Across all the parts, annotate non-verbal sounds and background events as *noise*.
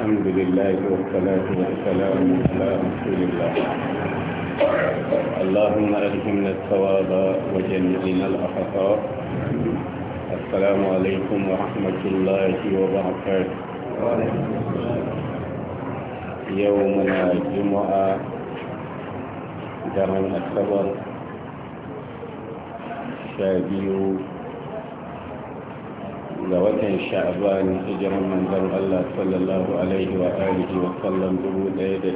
الحمد لله والصلاة والسلام على رسول الله اللهم ألهمنا الثواب وجنبنا الأخطاء السلام عليكم ورحمة الله وبركاته يومنا الجمعة درن الخبر شاديو ga watan sha'ban hijiran manzon Allah sallallahu alaihi wa alihi wa sallam 1442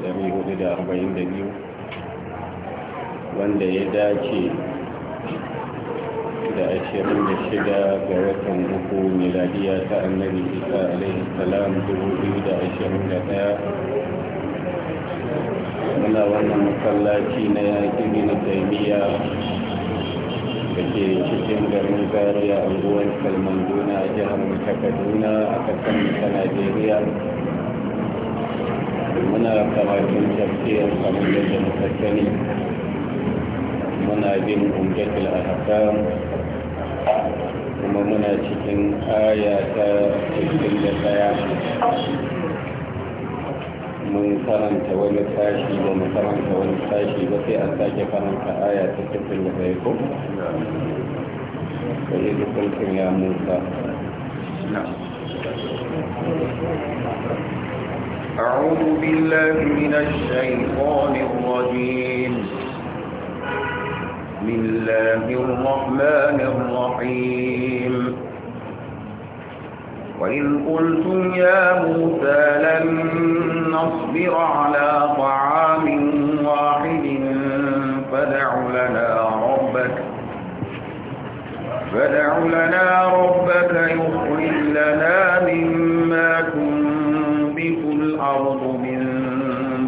wanda ya dace da 26 ga watan uku miladiya ta annabi Isa alaihi salam 2021 muna wannan masallaci na yaƙi bin taimiyya da ke cikin garin zariya unguwar salman duna a jihar ta kaduna a kasar ta najeriya muna karatun tafiyar kamar yadda muka sani muna bin umjatul Haka kuma muna cikin aya ta tsaya من سرن تولى فاشي ومن سرن تولى فاشي وفي أساج فرن كآية تكفل لديكم وإذ قلتم يا موسى أعوذ بالله من الشيطان الرجيم بسم الله الرحمن الرحيم وإذ قلتم يا موسى لن نصبر على طعام واحد فدع لنا ربك فدع لنا ربك يخرج لنا مما تنبت الأرض من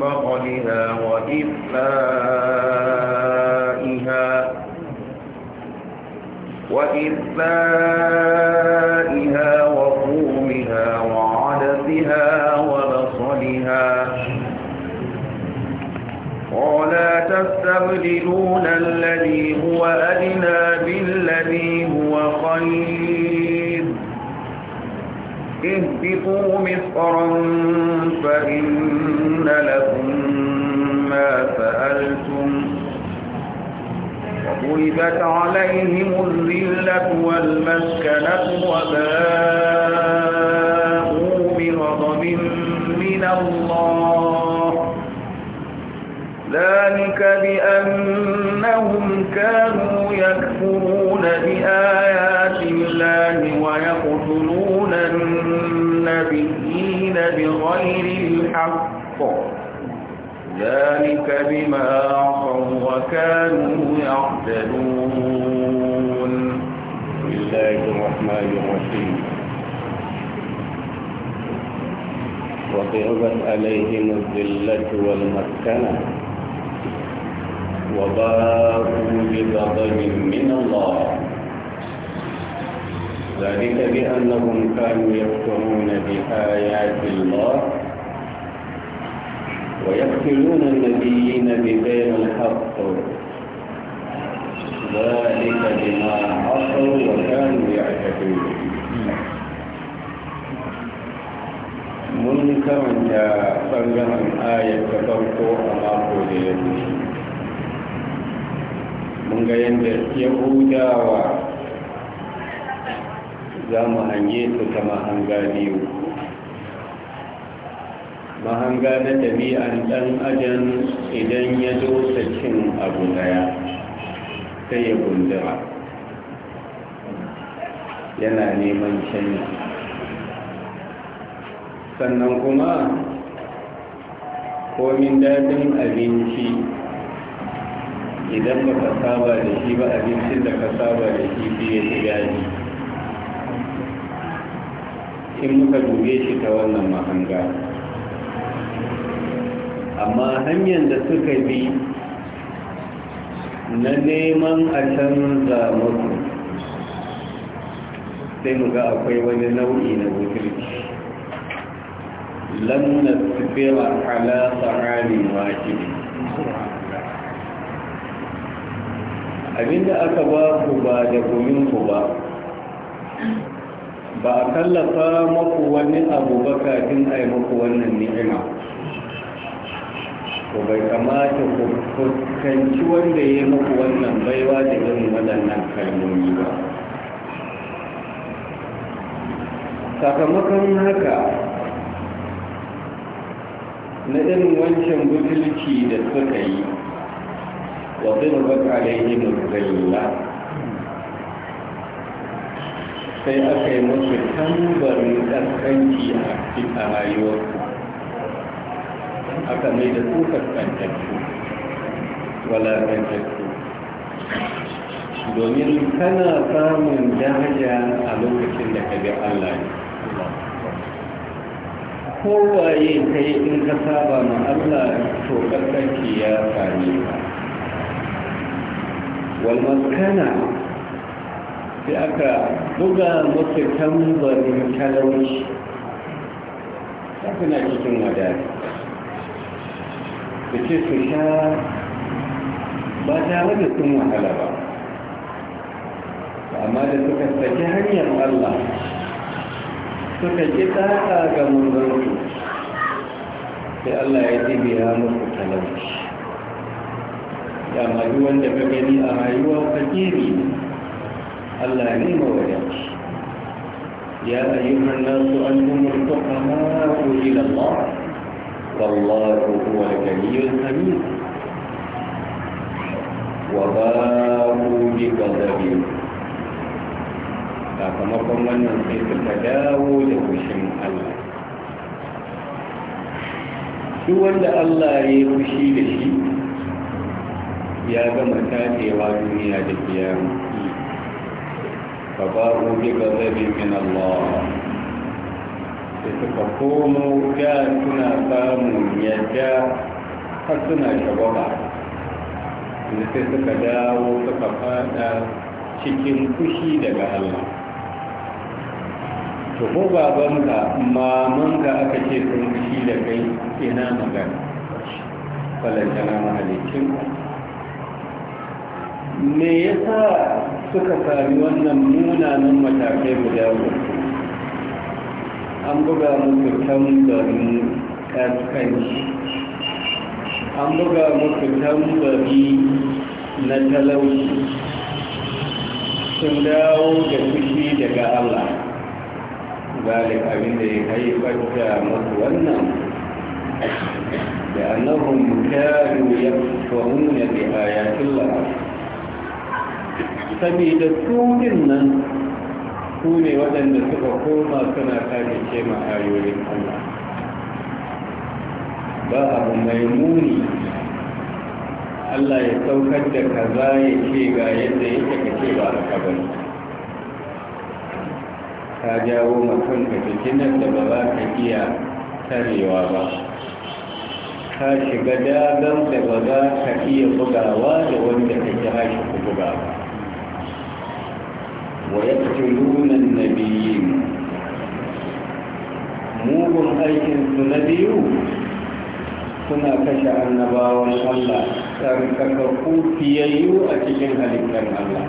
بقلها وإفائها وإفائها تُقْسِطُوا مِصْرًا فَإِنَّ لَكُم مَّا سَأَلْتُمْ وضربت عليهم الذلة والمسكنة وباءوا بغضب من الله ذلك بأنهم كانوا يكفرون بآيات الله ويقتلون الناس النبيين بغير الحق ذلك بما عصوا وكانوا يعتدون بالله الرحمن الرحيم وضربت عليهم الذلة والمسكنة وباروا بغضب من الله ذلك بأنهم كانوا يكفرون بآيات الله ويقتلون النبيين بغير الحق ذلك بما عصوا وكانوا يعتدون mun karanta ɓangaren ayar ta farko a mako da yanzu mun ga za mu hange su ta mahanga biyu mahanga na ɗabi'ar ɗan ajan idan ya zo ta cin abu daya sai ya gundura yana neman canji sannan kuma komin daɗin abinci idan ba ka saba da shi ba abincin da ka saba da shi fiye da yaji. in muka dube shi ta wannan mahanga amma hanyar da suka bi na neman a canza mutu sai mu akwai wani nau'i na butulci lanna tsibira ala tsarari wajibi abinda aka ba ku ba da kuminku ba ba a kallafa maku wani abu ba kafin a yi maku wannan ni'ima ko bai kamata ku fuskanci wanda ya yi maku wannan baiwa da yin waɗannan kalmomi ba sakamakon haka na irin wancan gudunci da suka yi wa zai rubar alaihim zalla sai aka yi musu tambarin ƙasƙanci a rayuwarsu aka mai da su wala walaƙantattu domin kana samun daraja a lokacin da ka bi Allah ne kowaye kai in ka saba ma Allah to ƙasƙanci ya fari ba walmaskana sai aka buga masa tambarin talauci suna cikin wadari da ce su sha ba tare da sun wahala ba amma da suka saki hanyar allah suka ƙi tsaka ga murbarsu sai allah ya dibiya musu talauci Ya duk wanda ka gani a rayuwa fakiri ne Allah ne mawadaci ya su ayyuhan nasu antumul fuqaha ila Allah wallahu huwal ghaniyyul hamid wa ba'u bi qadabi sakamakon wannan sai suka dawo da fushin Allah shi wanda Allah ya yi fushi da shi ya gama tatewa duniya da kiyama فباروا بغضب من الله فتقوموا كاتنا فاموا يجا فسنا شبابا sai suka dawo suka fada cikin kushi daga Allah to ko maman mamanka aka ce sun kushi da kai ina magana falantana mahalicinka me yasa suka sami wannan munanan matakai guda an buga musu tambari kaskanci an buga musu tambari na talauci sun dawo da fushi daga allah galib abin da ya haifar da masu wannan da annahum kanu yakfuruna bi ayatullah saboda tunin nan su ne waɗanda suka koma suna kare ce ma ayoyin Allah ba abu mai muni Allah ya saukar da kaza ya ce ga yadda yake ka ce ba a bane ta jawo mutum ka jikinan da ba za ka iya tarewa ba ka shiga dagar da ba za ka iya bugawa da wanda ka ji shi ku buga ويقتلون النبيين mugun aikinsu na biyu suna kashe annabawan Allah tsarkakakku fiyayyu a cikin halittar Allah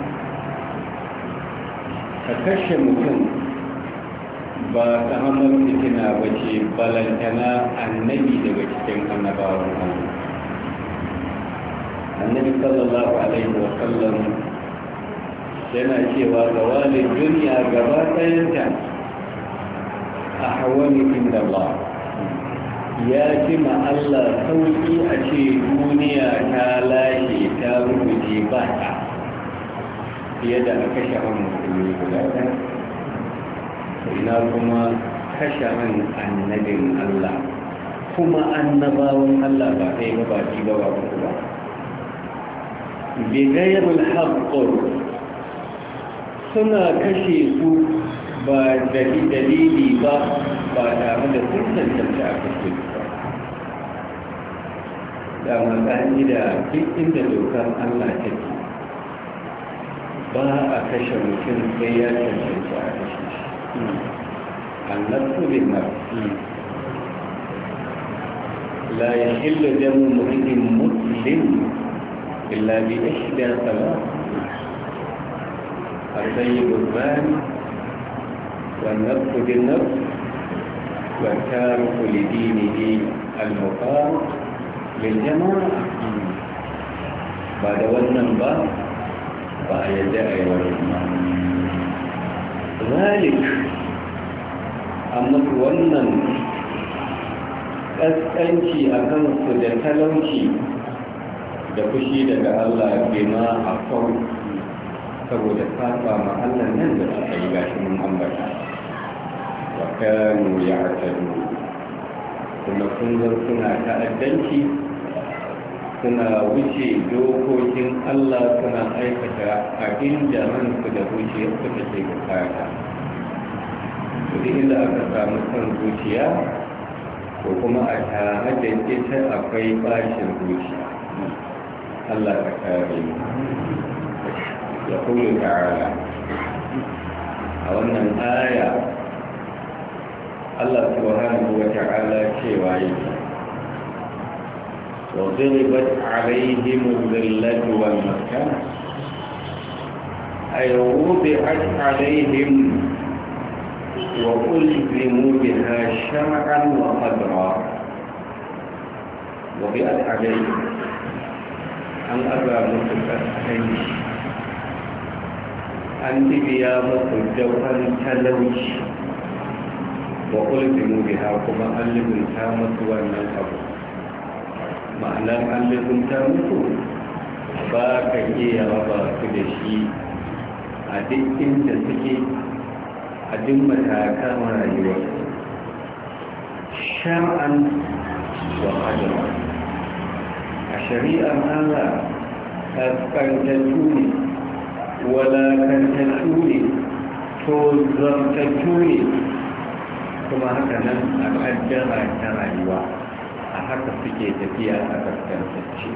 ka kashe mutum ba ta hannun fitina ba ce balantana annabi daga cikin annabawan Allah annabi sallallahu alaihi wa sallam. yana cewa ga wani duniya gaba ɗayanta a hawani inda ba ya ji Allah sauki a ce duniya ta lashe ta rubuce ba ta fiye da a kashe an musulmi guda ɗaya ina kuma kashe an annabin Allah kuma annabawan Allah ba ɗaya ba ba ba ba ba ba بغير الحق suna kashe su ba da dalili ba ba tare da sun tantance a kashe su ba da matsani da duk inda dokar allah take ba a kashe mutum sai ya tantance a kashe shi annabtu bin nafsi لا يحل دم امرئ مسلم إلا بإحدى ثلاث الطيب المال والنفس بالنفس والتارك لدينه المقام للجماعة بعد ونن با فأيدعي والإمام ذلك أما ونن ƙasƙanci a kansu da talauci da fushi daga Allah bima a kawai saboda saba ma Allah nan da suka yi gashi mun ambata wa kanu ya'tadu kuma sun zan suna ta'addanci suna wuce dokokin Allah suna aikata abin da su da zuciya suka ke bukata duk inda aka samu son zuciya ko kuma a tare da ita akwai bashin zuciya Allah ka kare mu يقول تعالى أولا الآية الله سبحانه وتعالى كيوائي وضربت عليهم الذلة والمسكنة أي وضعت عليهم وألزموا بها شمعا وقدرا وضعت عليهم أن أبى مصر an biya muku daukan talauci wa ulzimu biha kuma an lizinta musu wannan abu ma'anar an lizinta musu ba ka iya ba su da shi a duk inda suke a duk matakan rayuwa. shar'an wa hajjama a shari'ar allah kaskantattu ne walakantattu ne to zartattu ne kuma haka nan a ƙaddara ta rayuwa a haka suke tafiya a kaskantacce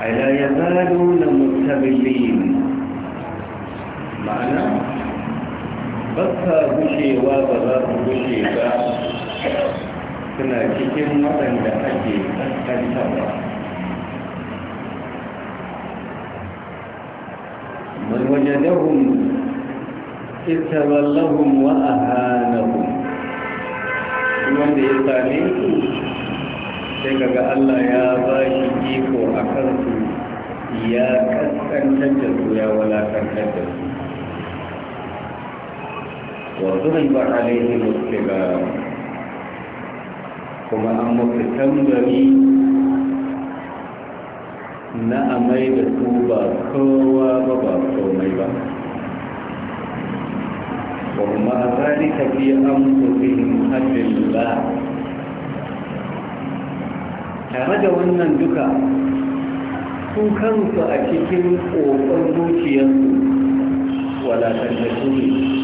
a ila ya zaro na mutabilin ma'ana ba sa gushewa ba za su gushe ba suna cikin waɗanda ake kaskantarwa وجدهم إذ تولهم وأهانهم wanda ya same su sai kaga Allah ya ba shi a kansu ya kaskantar da su ya walakantar da su wa zuriba alaihi musliba kuma an mafi tambari na amai da su ba kowa ba ba komai ba kuma a an fi amfufin ba. tare da wannan duka su kansu a cikin ƙoƙon zuciyarsu ne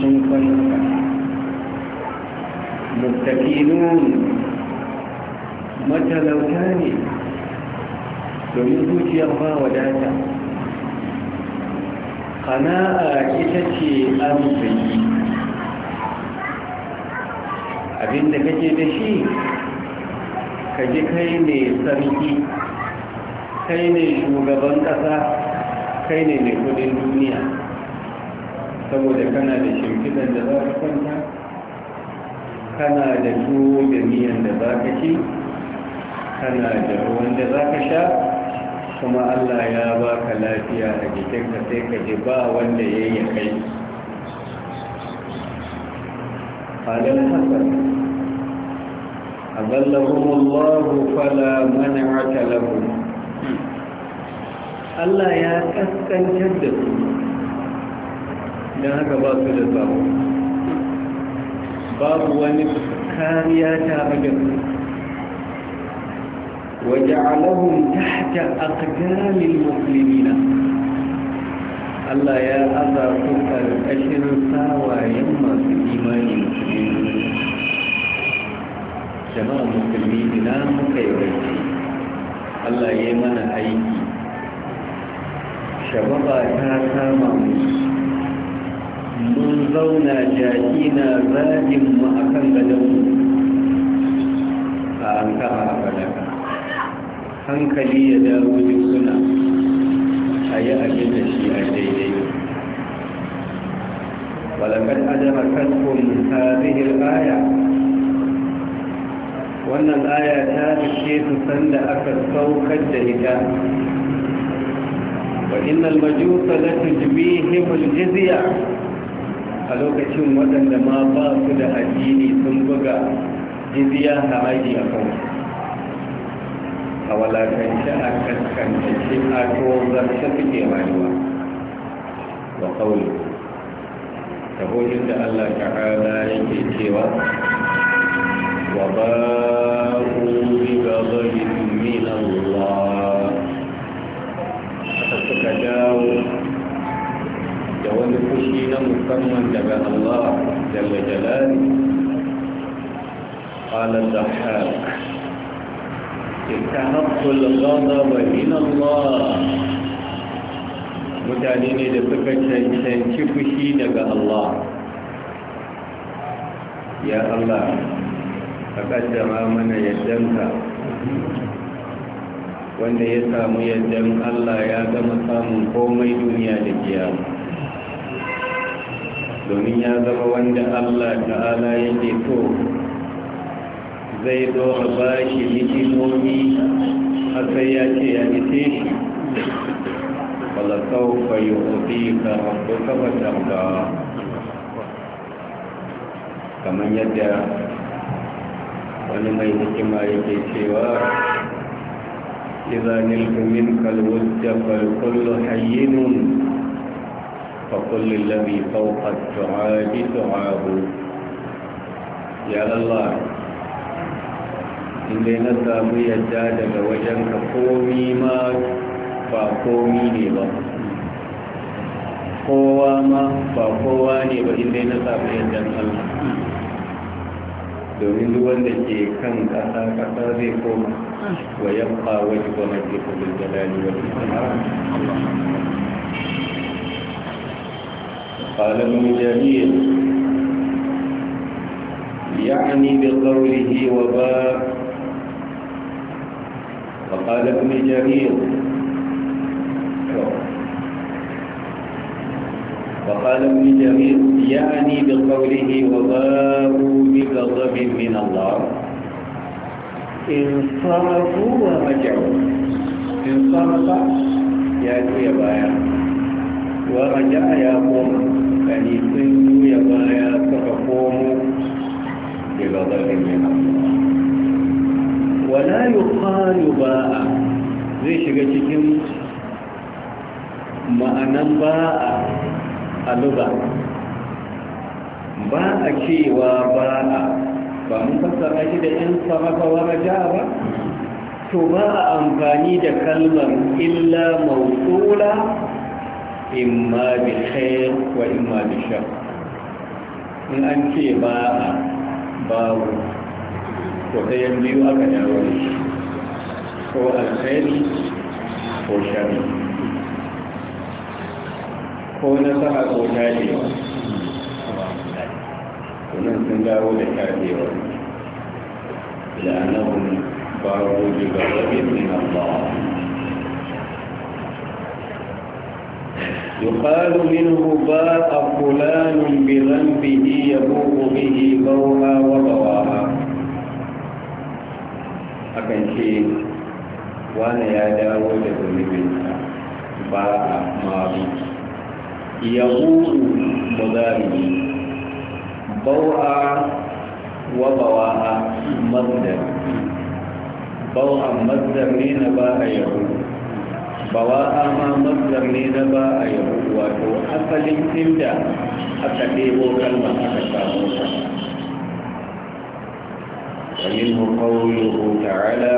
sun kwanta muttakinun matalauta ne domin zuciyar ba wadata kana'a ita ce amsayi abinda kake da shi kaji kai ne sarki kai ne shugaban ƙasa kai ne mai kudin duniya saboda kana da shimfidan da za ka kwanta kana da tuwo da miyan da za ka ci kana da ruwan da za ka sha kuma Allah ya baka lafiya a jikinka sai ka ji ba wanda ya yi kai halin hasan azallahum Allah fala man'ata lahum Allah ya kaskantar da su don haka ba su da zaɓu. babu wani kariya ta da su waja'alahum tahta aqdamil muslimina Allah ya aza ku karkashin sawayen masu imani musulmi jama'a musulmi ina muka Allah ya yi mana aiki shababa ta kama mu mun zauna jaki na zaɗin mu a kan gadon mu a an kama a hankali ya dawo suna a yi abin da shi a daidai walakar adama katkun tarihin aya wannan aya ta fice su sanda aka saukar da ita wa innal majusa jibi tujbihim jiziya? a lokacin waɗanda ma ba su da addini sun buga na aji a kansu a walakance a kaskantacce a tozarta suke rayuwa wa kawai tahohin da allah ta'ala yake cewa wa ba ƙuri gabarin min allah aka suka dawo da wani fushi na musamman daga allah jalla jalali قال الضحاك istahaqqu al-ghadab min Allah mutane ne da suka cancanci fushi daga Allah ya Allah ka kaddama mana yaddanka wanda ya samu yaddan Allah ya gama samun komai duniya da kiyama domin ya zama wanda Allah ta'ala yake so zai dora ba shi hikimomi a sai ya ce ya nite shi falasau fayi ofi ka rabu kama tarda kamar yadda wani mai hikima yake cewa إذا نلت منك الود فالكل حين فكل الذي فوق التعاب تعاب يا الله inda na samu yadda daga wajen ka komi ma ba komi ne ba kowa ma ba kowa ne ba inda na samu yadda Allah domin duk wanda ke kan ƙasa ƙasa zai koma wa yabqa wajhu rabbika bil jalali wal ikram قال Ya'ani bi qawlihi wa ba. وقال ابن جرير وقال ابن جرير يعني بقوله وغابوا بغضب من الله انصرفوا ورجعوا انصرف يا بايا ورجع يا قوم يعني سنوا يا بايا تقوموا بغضب من الله wala yuqalu ba'a zai shiga cikin ma'anan ba'a a luga ba a cewa ba'a ba mun fassara shi da yan sarrafa wa raja to ba a amfani da kalmar illa mawsula imma bi khair wa imma bi shar in an ce ba ba'a babu وتيمني أبدا ولي هو الخير وشامي كون سحق وشادي كون سنداو لشادي ولي لأنهم باروا بغضب من الله يقال منه باء فلان بذنبه يبوء به بوها وبواها akan ce Wani ya dawo da zunubinsa ba a maru ya huru mazari bau'a wa bawa'a mazdar bau'a mazdar ne na ba a yahu bawa'a ma mazdar ne na ba a yahu wato asalin inda aka ɗebo kalma aka samu ta ومنه قوله تعالى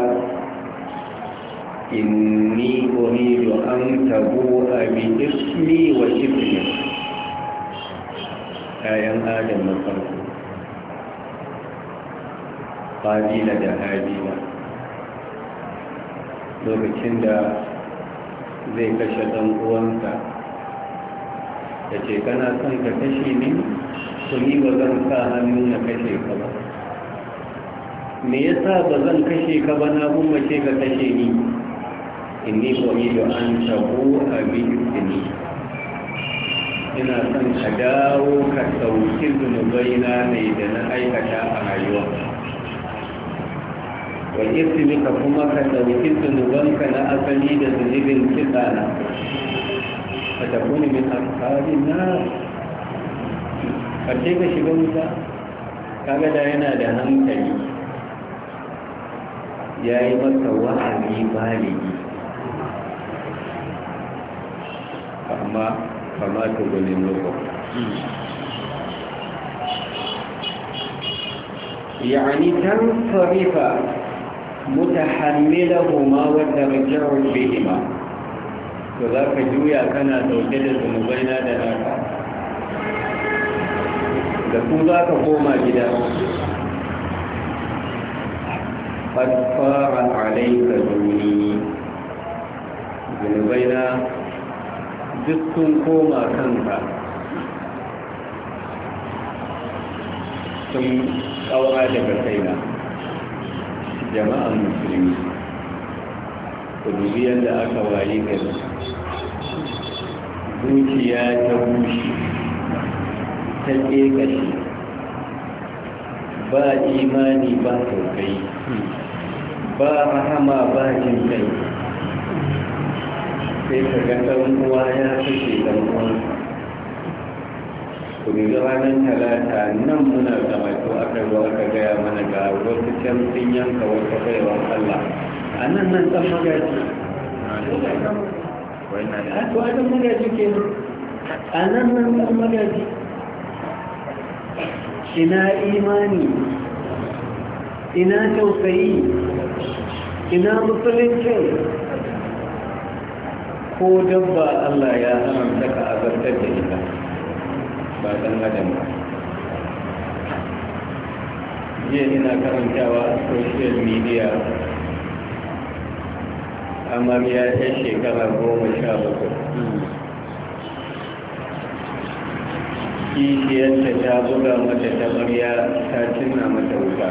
إني أريد أن تبوء باسمي وشبهي آيان آدم من فرق قابيلة دا هابيلة lokacin da zai kashe ɗan uwanka. da ce kana son ka kashe ni? to yi ba zan sa hannu na kashe ka ba me yasa ba zan kashe ka ba na ummace ka kashe ni inni da an tabu abidni ina son ka dawo ka zunubai zunubaina ne da na aikata a rayuwa wa ka kuma ka dauki zunubanka na asali da zunubin kitsana ka tafi min ashabin na karshe ka shiga wuta kaga da yana da hankali ya yi mata wa’ari baligi amma kamata gani lokwa yani tan tarifa mutu hannila goma wadda rikirar bihima to za ka juya kana dauke da zumubaina da naka da ku za ka goma gida قد فار عليك دوني zunubaina duk kun koma kanka sun kawa daga kaina Jama'a musulmi ku dubi yadda aka waye gari zuciya ta bushe ta ƙeƙashe ba imani ba saukai ba rahama ba jin kai sai ka ga ɗan uwa ya kashe ɗan uwansa ku riga ranar talata nan muna gamato aka zo aka gaya mana ga wasu can sun yanka wata baiwar allah a nan nan ɗan magaji a to a ɗan magaji ke a nan nan ɗan magaji ina imani ina tausayi ina musulunci ko dabba Allah ya haramta ka azartar da ita ba dan adam ba jiya ina karantawa a social media amarya ta shekara goma sha bakwai kishiyarta ta buga mata tamarya ta cinna mata wuta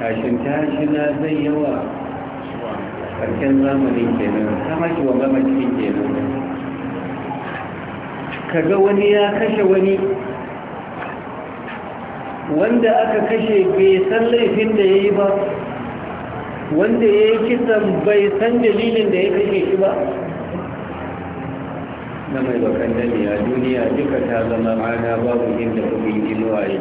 tashin na zai yawa karken zamanin kenan ta shi wa gama cikin kenan kaga wani ya kashe wani wanda aka kashe bai san laifin da ya yi ba wanda ya yi kisan bai san dalilin da ya kashe shi ba na mai bakan dalila duniya duka ta zama rana babu inda kuma yi inuwa yi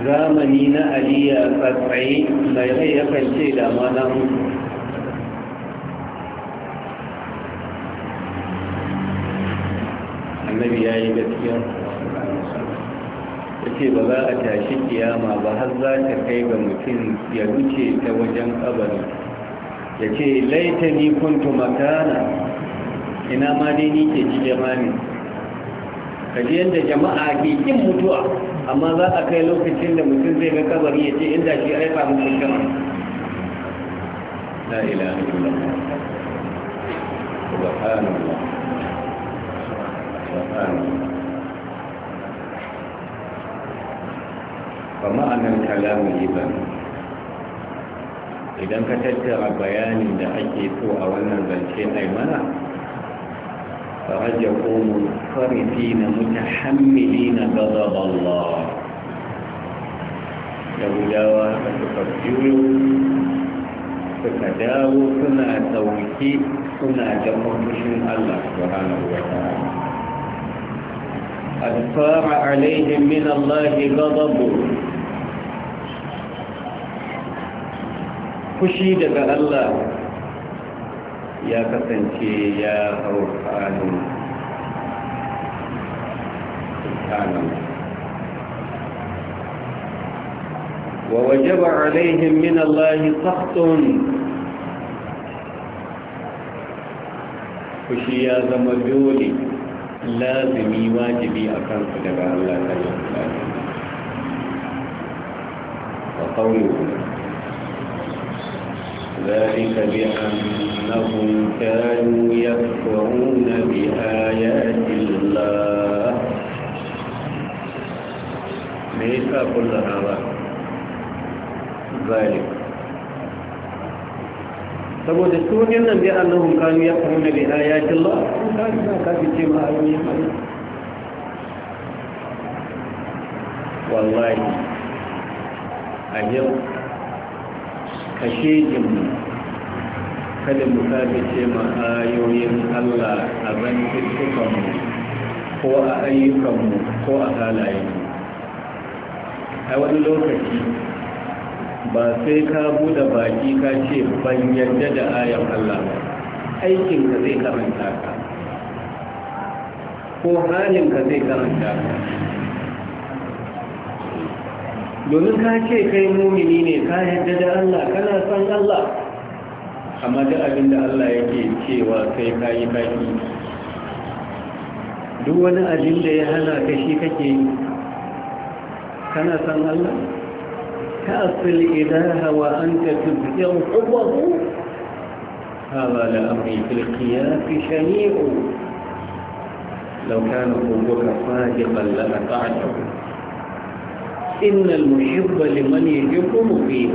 zamani na aliya tsatsaye mai rai yakan ce da na mutu annabi ya yi gaskiya ya ce ba za a tashi kiyama ba har za ta kai ga mutum ya wuce ta wajen kabari ya ce laita ni kuntu makana ina ma dai ni ke ji jama'a kaji yadda jama'a ke kin mutuwa amma za a kai lokacin da mutum zai ga kabari ya ce inda shi aifa mutum gama la ilaha illallah subhanallah ma'anar kalamu ba. idan ka tattara bayanin da ake so a wannan zance aimana. فرجعوا منصرفين متحملين غضب الله لو جاوا فتقتلوا فتداووا ثم توكيد ثم جمعوا بشم الله سبحانه وتعالى قد صار عليهم من الله غضب خشي دبا الله يا كسنكي يا روحان سبحان ووجب عليهم من الله سخط وشيا زمجولي لازمي واجبي أكان فجبع الله تعالى وقوله ذلك بأنهم كانوا يكفرون بآيات الله ليس كل هذا ذلك سبو دستور جنن بأنهم كانوا يكفرون بآيات الله كانوا كافي جمع يمين والله أجل kashe jimmi kada mu sake ce ma ayoyin Allah a zantuttukanmu ko a ayyukanmu ko a halayenmu a wani lokaci ba sai ka bude baki ka ce ban yadda da ayan Allah aikinka zai karanta ka ko halinka zai karanta ka domin ka ce kai mumini ne ka yadda da Allah kana san Allah amma da abin da Allah yake cewa kai ka yi kaki duk wani abin da ya hana ka shi kake kana san Allah ka asali idaha wa an ka tuzyan hubahu هذا لأمري في القياس شنيع لو كان قوتك صادقا لأطعته innal muhibba liman yuhibbu muqim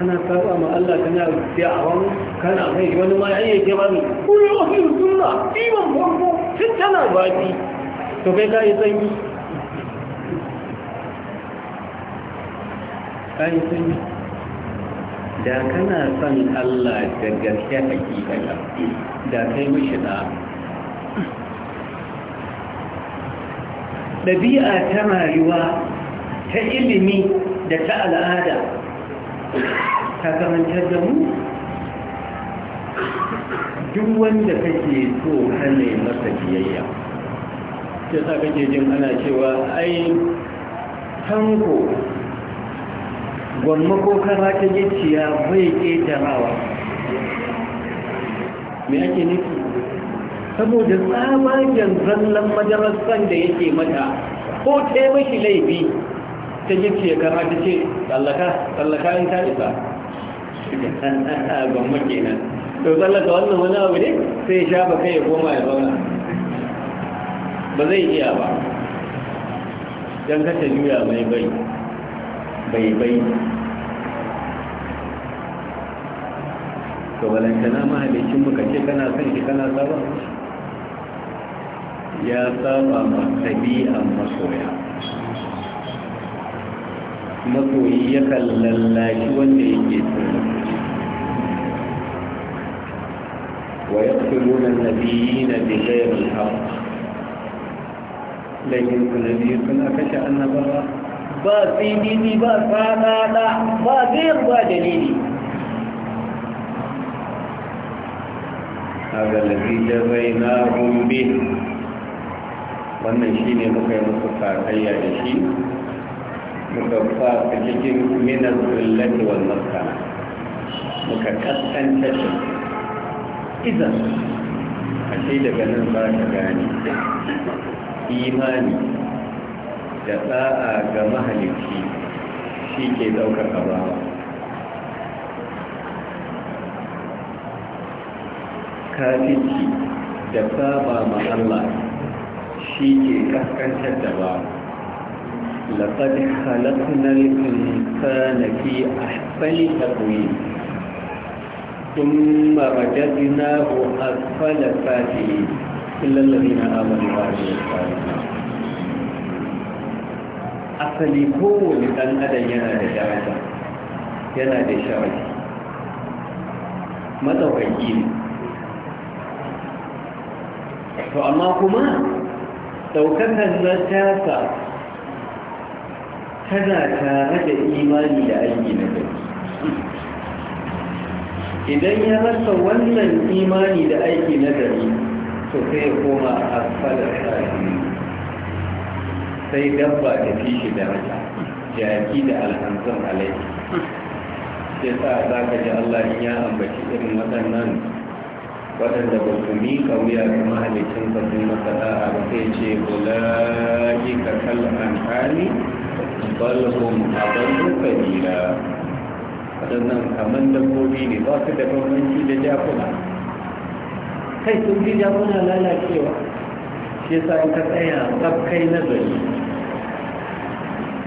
kana saba ma Allah kana da'awan kana kai wani ma yayi ke bani ku yi wasu sunna iman farko tun tana baki to kai kai sanyi kai sanyi da kana son Allah da gaske hakika da kai mishi da'a ɗabi'a ta rayuwa ta ilimi da ta al'ada ta kamantar da mu duk wanda kake so hane masa biyayya ta sa kake jin ana cewa ai tanko gwamma ko kara ta gicciya bai ƙetarawa me ake nufi saboda tsamanin zallan madarassan da yake mata ko ce mashi laifi ta yi kama ta ce tsallaka tsallaka in ta isa gwamma nan to tsallaka wannan wani abu ne sai sha ba kai ya koma ya zauna ba zai iya ba don kasa juya mai bai bai bai Ka walanta na mahalicin muka ce kana son shi kana sabon ya saba ma tabi'an masoya masoyi yakan lallashi wanda yake tsoro ويقتلون النبيين بغير الحق لكن النبي كنا كشا أن برا با سيدي با سانا لا با غير با دليلي هذا الذي جزيناهم به wannan shi ne muka yi musu sakayya da shi muka sa su cikin minar zullati wal maskana muka kaskanta shi idan a ce daga nan za ka gane imani da tsa'a ga mahalicci shi ke ɗaukar abawa kafici da saba ma Allah shi ke kaskantar da ba laƙar halakunar ka na a fali da ƙuyi tun marajar na bu a fali ta fi lallari na amurwa da ya asali kowane ɗan adam yana da daraja yana da sharaki matsaukaki ne to amma kuma ɗaukakan na tasa tana tare da imani da aiki na gari idan ya rasa wannan imani da aiki na gari to sai ya koma a asfalar shafi sai dabba da fi shi da rata jaki da alhanzan alai sai sa za ka ji Allah ya ambaci irin waɗannan waɗanda ba su miƙa wuya ga mahalicin ba sun masa da'a ba sai ce ulai ka kal an'ami bal hum adallu kabila waɗannan kamar dabbobi ne ba su da bambanci da jakuna kai sun ji jakuna lalacewa shi sa ka tsaya tsaf kai nazari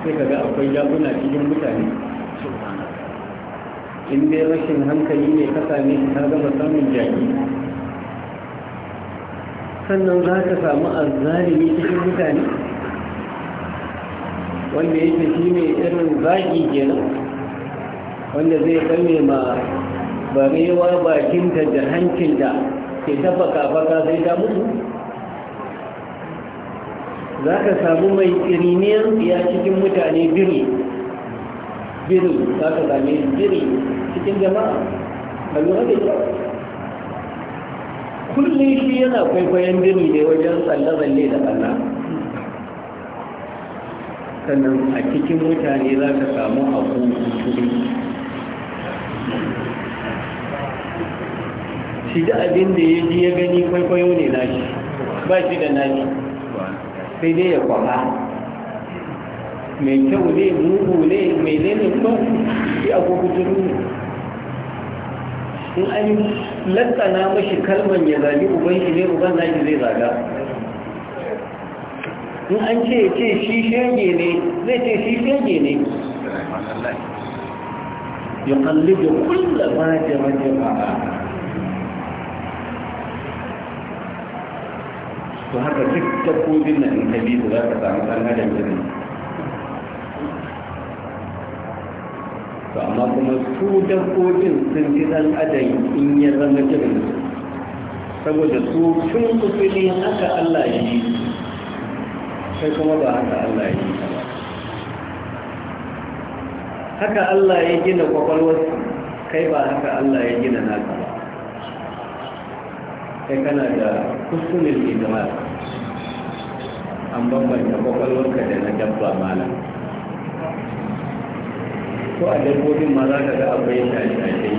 sai ka ga akwai jakuna cikin mutane in dai rashin hankali ne ka sami ka gama samun jaki sannan za ka samu azzalimi cikin mutane wanda yake shi ne irin zaki kenan wanda zai kame ma barewa bakinta da hankinta ke tafa kafaka zai sai ta mutu za ka samu mai iriniyar ya cikin mutane biri biri za ka same biri cikin jama'a Kallon lura da kullum shi yana kwaikwayon birni ne wajen tsalle-tsalle da Allah sannan a cikin mutane za ka samu abu turi shi da abin da ya ji ya gani kwaikwayo ne na shi, ba shi da na shi, sai dai ya kwaba mai kyau ne mugu ne mai ne ne kwan shi agogo turi ne in an lattana mashi kalman ya zagi uban shi ne uban na shi zai zaga in an ce ce shi shege ne zai ce shi shege ne ya kalli da kulla ma jama jama'a to haka duk dabbobin na in kabi su za ka samu ɗan adam irin to amma kuma su dabbobin sun fi ɗan adam in ya zama irin saboda su sun kusuri haka Allah ya yi sai kuma ba haka Allah ya yi haka Allah ya gina kwakwalwarsu kai ba haka Allah ya gina naka ba kai kana da kusurin ijimar an bambanta kwakwalwarka da na dabba malam ko a dabbobin ma za ka ga akwai shaye-shaye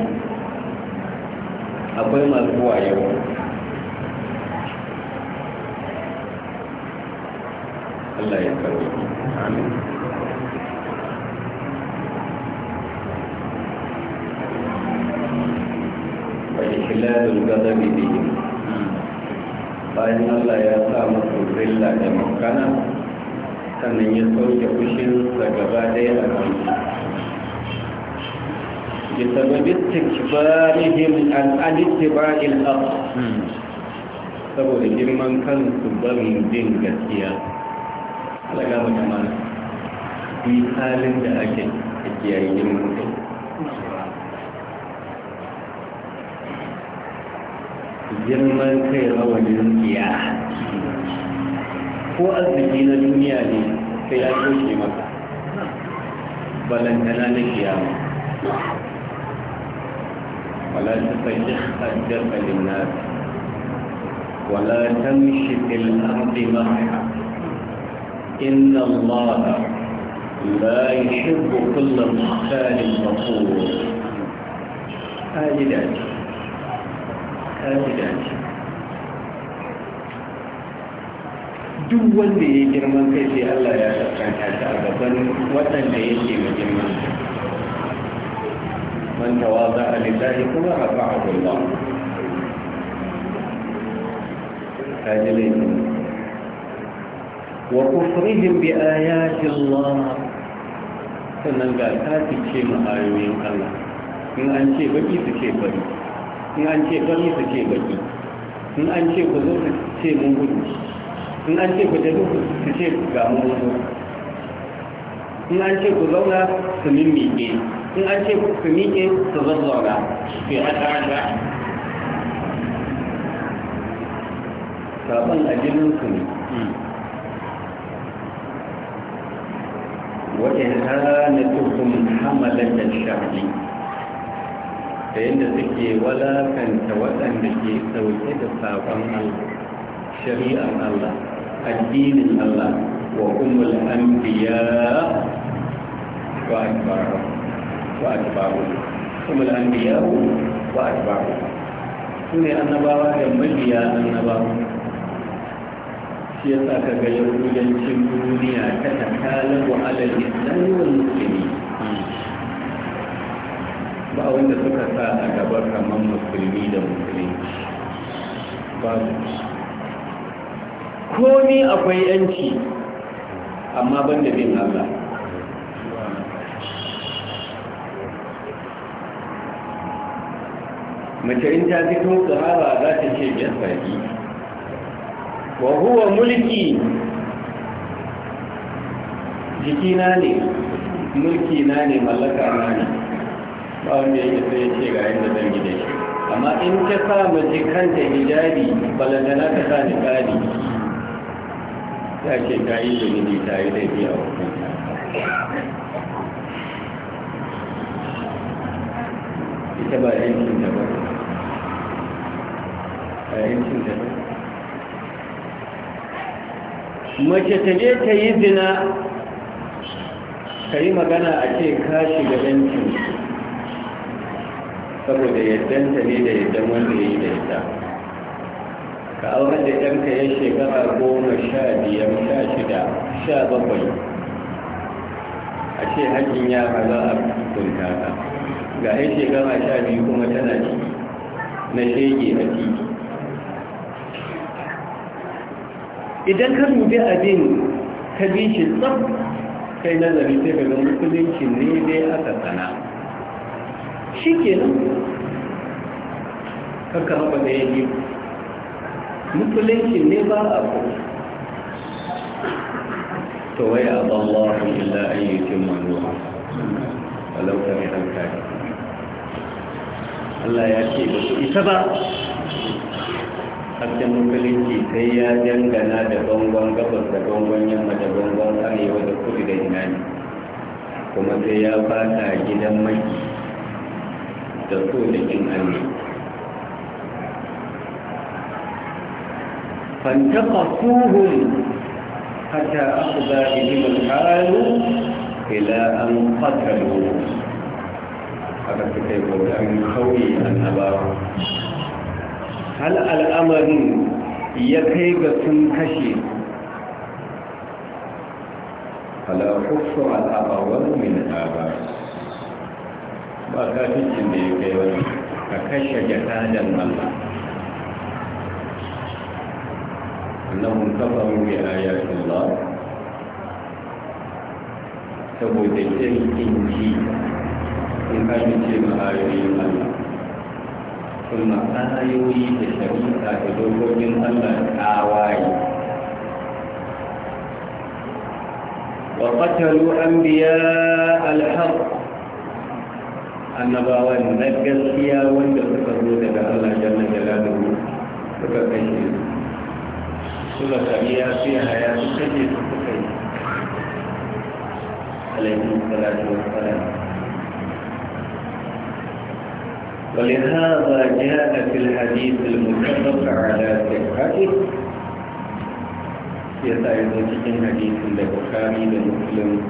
akwai masu wayo Allah ya karbe amin wa ikhlasul ghadabi bihim bayan Allah ya samu musu zilla da makana sannan ya sauke fushin daga gaba ɗaya a kansu بسبب اتكبارهم عن الاتباع الحق سبب جرمان كان سبب دين قسيا على قابة جمال في حال دعاك اتياري جرمان جرمان خير او جرمان هو الزجين الدنيا دي في الاسوشي مكة بلن جنان القيامة ولا تفتخ أجاب للناس ولا تمشي في الأرض مرحا إن الله لا يحب كل مختال مطور هذه الآية هذه duk wanda ya girman kai يا Allah ya sauka ta ta من تواضع لله كما رفعه الله هاجلين وكفرهم بآيات الله sannan ga ta ce mu ayoyin Allah in an ce baki su ce bari in an ce bari su ce baki in an ce ku zo su ce mun gudu in an ce ku jadu su ce ga mun gudu in an ce ku zauna su mimmike in an ce ku miƙe su zazzauna ke haɗa-haɗa saɓon a jinin ku ne wa'in hana tuhum hamalar da shafi da yadda suke walakanta waɗanda ke sauke da saƙon shari'ar Allah addinin Allah wa umul anbiya wa akbarar وأتباعهم هم الأنبياء وأتباعهم هم النبوة مبيا النبوة shi ya sa ka ga yahudancin duniya ta takalin wa'alar islami wal musulmi ba wanda suka sa a gabar kamar musulmi da musulmi ba su. Ko ni akwai yanci amma ban da bin allah mace in ta fito sahaba za ta ce biyar baki wa huwa mulki jikina ne mulki na ne mallaka na ne ba wanda yake sai ce ga inda zan gida shi amma in ta sa mace kanta hijabi na ta sa ni kari ta ce ta yi gidi ta yi laifi a ita ba yankin da ba mace ta je ta yi zina ka yi magana a ce ka shiga yancin saboda yaddanta ne da yaddan wanda ya yi da yadda ka auren da ɗanka ya shekara goma sha biyar sha shida sha bakwai a ce hakin ya za a cikin kaka ga ya shekara sha biyu kuma tana ciki na shege a ciki. idan ka dubi abin ka bi shi tsab kai nazari sai ka ga musulunci ne dai aka sana shi ke nan kakka haɓa da ya biyu musulunci ne ba a ku to wai a ban in illa an yi cin manuwa a laukar hankali Allah ya ce ba su isa ba hasken musulunci sai ya dangana da bangon gabas da bangon yamma da bangon arewa da kudu da ina ne kuma sai ya fata gidan maki da so da kin allah فانتقصوهم an أخذ بهم الحال إلى أن قتلوا هذا كتاب عن خوي النبار hal al'amarin ya kai ga sun kashe halakufsu al'abawar min aba ba kaficin da ya kai wani ka kashe jakadan Allah annahun kafa bi ayatun Allah saboda ƙin ƙin ji sun kafice ma ayoyin Allah suna ayoyi da shari'a da dokokin Allah tawaye wa qatalu anbiya al-haq annabawan na gaskiya wanda suka zo daga Allah jalla jalaluhu suka kashe suka kariya sai haya suka kashe suka kai alaihi salatu wassalam ولهذا جاء في الحديث المتفق على صحته في سائر hadisin da البخاري ومسلم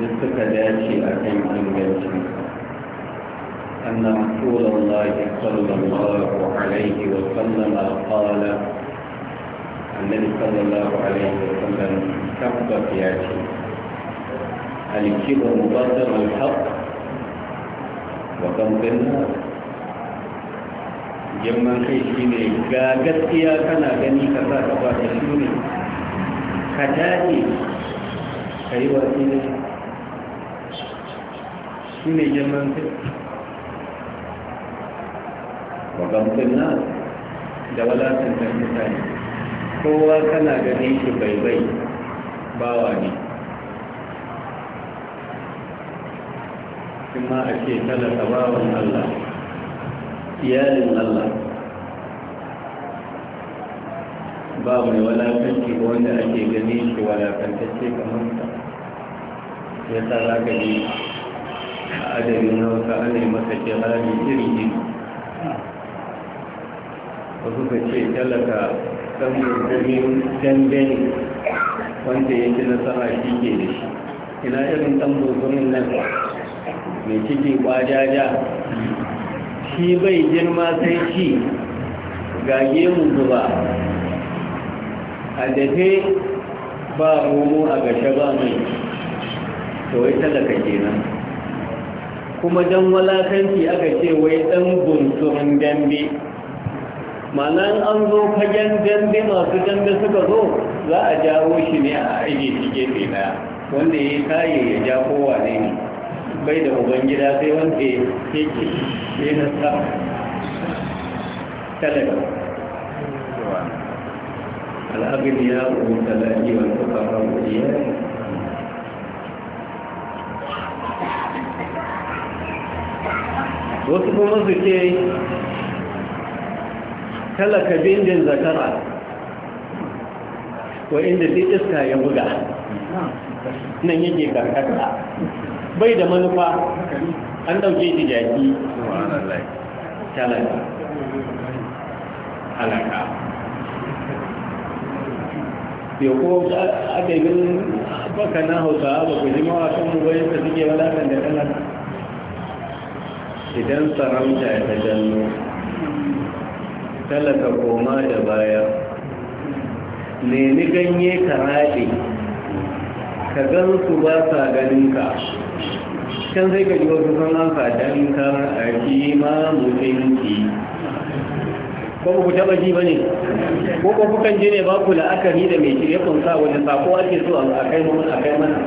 Muslim duk أن رسول الله صلى الله عليه وسلم قال النبي صلى الله عليه وسلم كفت ياتي الكبر بطر الحق babban ganna girman kai shi ne ga gaskiya kana gani ka sa ka ba da shi ne ka dace ka yi wasu ne shi ne girman kai babban ganna da walatantar mutane kowa kana gani shi bai bai bawa ne in ma a ce talaka bawan Allah iyalin Allah ba mai walakanci ba wanda ake gani shi walakantacce kamar ta ya tsara gani a adadin hausa ana yi masa kirari iri Ba su ka ce talaka kan mutumin dangane wanda yake nasara shi ke da shi ina irin tambuzumin nan mai ciki kwajaja shi bai girma sai shi gage mu zuba a dafe ba romo a gashe ba mai wai talaka kenan kuma don walakanci aka ce wai dan bunturin dambe mana an zo fagen dambe masu dambe suka zo za a jawo shi ne a ajiye shi gefe daya wanda ya yi kaye ya ja kowa ne ne bai da ubangida sai wanda ke ne na sa al'abin ya ubu talaki wa tukara wuriya wasu kuma su ke talaka bindin zakara wa inda sai iska ya buga nan yake karkata bai da manufa an dauke shi jaki talaka ya bai ko aka yi baka na hausa ba ku ji mawakan mu bayan da suke walakan da talaka idan sarauta ta janno talaka koma da baya nemi ganye ka raɗe ka gan su ba sa ganin ka can sai ka wasu kusan an fadan kan a kima mutunci ko ku taba ji bane ko ko kukan je ne ba ku la'akari da mai shirye kunsa wajen sako ake zuwa a kai mun a kai mana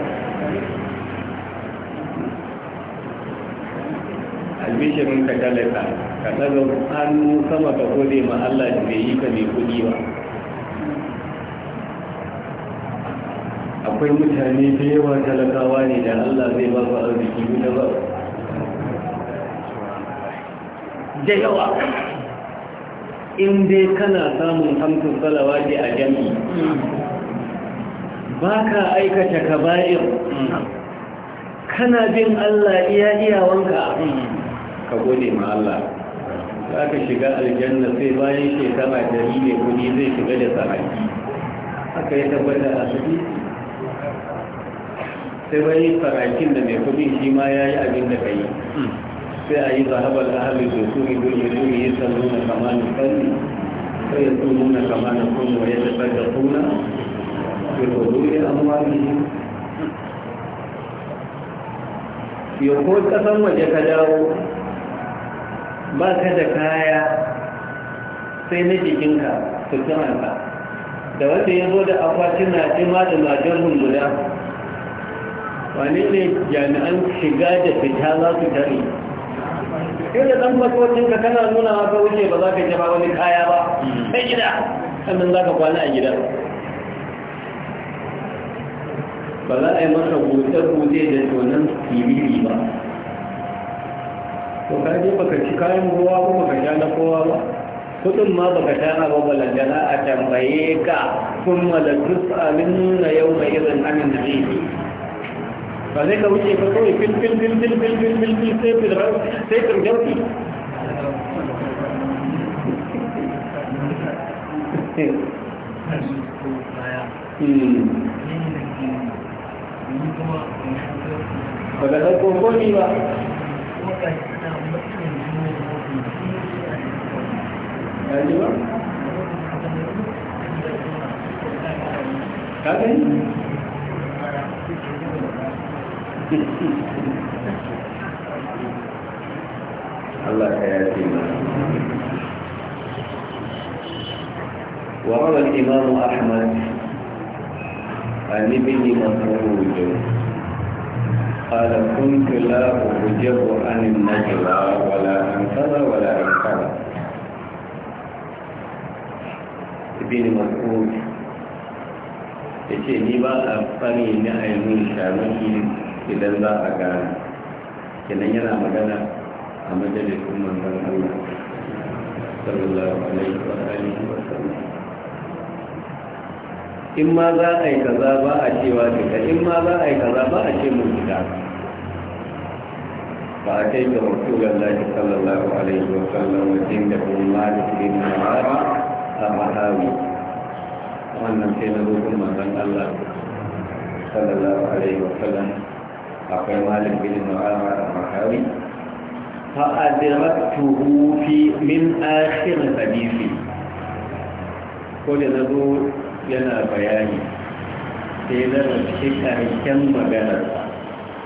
albishirin ka talaka ka ɗaga hannu sama ka gode ma Allah da bai yi ka mai kuɗi ba akwai mutane da yawa talakawa ne da Allah zai ba su arziki da ba da yawa in dai kana samun hamsin salawa ne a jami ba ka aikata ka bayan kana bin Allah iya iyawanka ka gode ma Allah za ka shiga aljanna sai bayan shekara dari ne kudi zai shiga da sarari haka ya tabbata a sabi sai yi farakin da mai kudin shi ma ya yi abin da ka yi hmm. sai a yi zahabar ahalu da su ne don yi tuni ya san nuna kama na fanni sai ya tuni nuna kama na kuma ya tafar da kuna ya kudu ya amma ne yau ko kasan waje ka dawo ba ka da kaya sai na jikinka su suturanka da wanda ya zo da akwatin na jima da majalhun guda wani ne jami'an shiga da fita za su tare Sai da ɗan ka kana nuna maka wuce ba za ka jaba wani kaya ba sai gida sannan za ka kwana a gida ba za a yi masa buɗe-buɗe da tonan tiriri ba Ko ka je baka ci kayan ruwa ko baka sha na kowa ba kudin ma baka sha na ba balangana a tambaye ka kun malatus amin nuna yau mai irin amin da zai ba zai ka wuce ba kawai fil fil fil fil fil fil fil fil sai fil sai firgauti ba da ɗauko komi ba Thank you. الله حياتنا وروى الإمام أحمد عن ابن مسعود قال كنت لا أحجب عن النجوى ولا عن كذا ولا عن كذا ابن مسعود يقول لي ما a fari na ainihin idan za a gane kenan yana magana a majalisun manzan Allah sallallahu alaihi wa alihi wa sallam in ma za a yi kaza ba a cewa duka in ma za a yi kaza ba a ce mun gida ba a kai ga rasulun lafi sallallahu alaihi wa sallam wajen da kuma malik bin mara a mahawi wannan sai na zo kuma manzan Allah sallallahu alaihi wa sallam akwai malik bin nu'ama al-mahawi fa adratuhu fi min akhir hadisi ko da nazo yana bayani sai na rubuce karshen maganar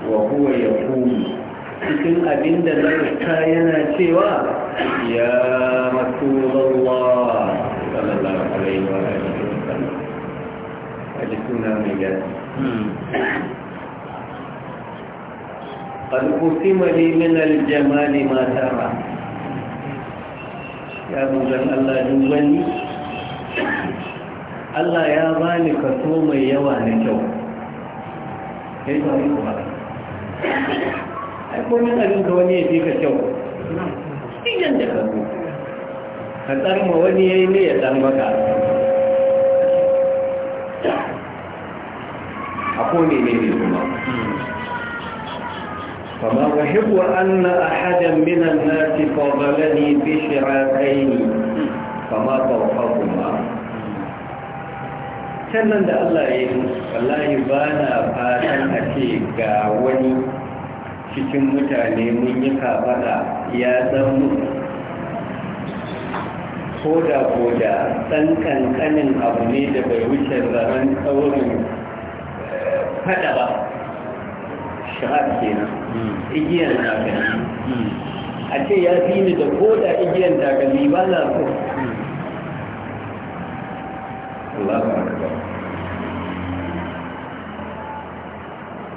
wa huwa yaqulu cikin abin da zarta yana cewa ya matulallah sallallahu alaihi wa sallam a jikuna mai gani قد قسم لي من الجمال ما ترى يا رجل الله دوبني Allah ya bani kaso mai yawa na kyau kai ba yi ba ai komin abin ka wani ya fi ka kyau iyan da kaso ka tsarma wani ya yi ne ya tsar maka a kone ne ne kuma فما أحب أن أحدا من الناس فضلني بشراكين فما توقفهما sannan da Allah ya yi wallahi ba na fatan a ce ga wani cikin mutane mun yi kafaɗa ya zama koda koda ɗan ƙanƙanin abu ne da bai wuce zaren tsaurin faɗa ba shahar kenan hmm. igiyar takalmi hmm. a ce ya fi ni da koda igiyar takalmi ba na so hmm. Allah ba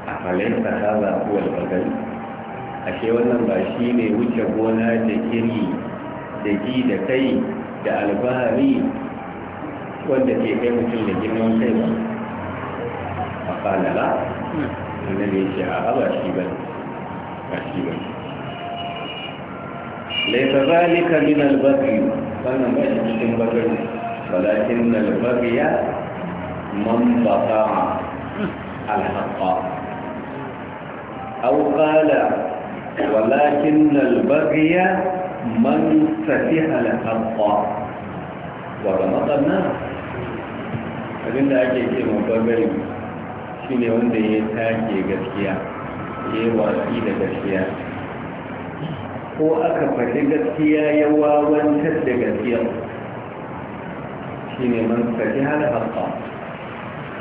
a halayyar ta za a kuwa da ashe wannan ba shi ne wuce gona da kiri da ji da kai da albahari wanda ke kai mutum da girman kai ba a kanala النبي جاء واجبا واجبا ليس ذلك من البغي فانا ما جبت البغي ولكن البغي من بطاع الحق او قال ولكن البغي من فتح الحق ورمض الناس فلن اجي في مبرر shi ne wanda ya take gaskiya ya yi watsi da gaskiya ko aka faɗi gaskiya ya wawantar da gaskiya shi ne man faɗi har haƙa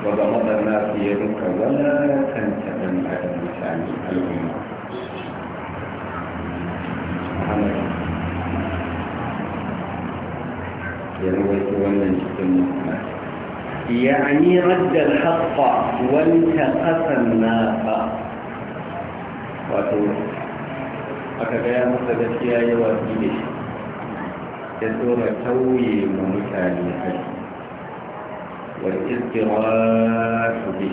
wa ga maɗana su yi duka kan ɗan adam mutane al'umma ya rawaito wannan cikin mutane يعني رد الحق والتقف الناس وتوه أكذا يا مقدس يا يوازيش تدور توي ممتانيه والإضطرات به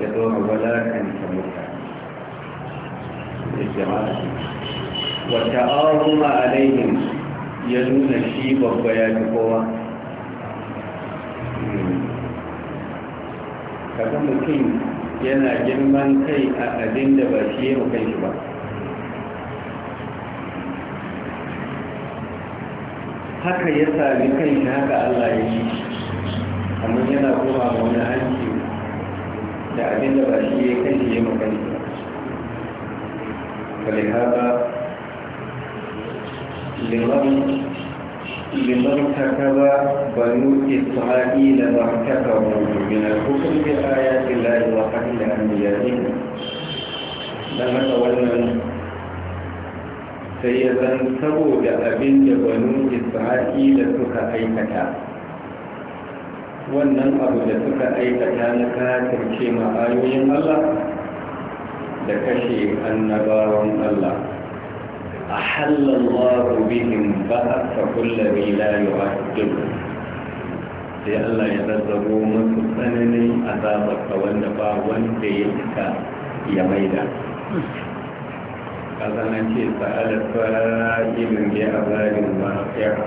يدور ولكن كمتانيه الإضطرات وتآظم عليهم يدون الشيب ويالبوه kaga mutum yana girman kai a abin da ba shi ya kai shi ba haka ya sami kai shi haka Allah ya yi amma yana kuma wani hanci da abin da ba shi ya kai shi ya kai shi ba kalihaba limon لمن كتب بنو إسرائيل ما كتبوا من الكفر بآيات الله وحكم أنبيائه لما تولى sai ya zan saboda abin da banu isra'ila suka aikata wannan abu da suka aikata na kafirce ma'ayoyin allah da kashe annabawan allah أحل الله بهم بأس كل ذي لا يعجب sai Allah ya zazzabo masu tsananin azabarka wanda ba wanda ya cika ya maida kazana ce sa'adar fa'imin bi azabin mafiya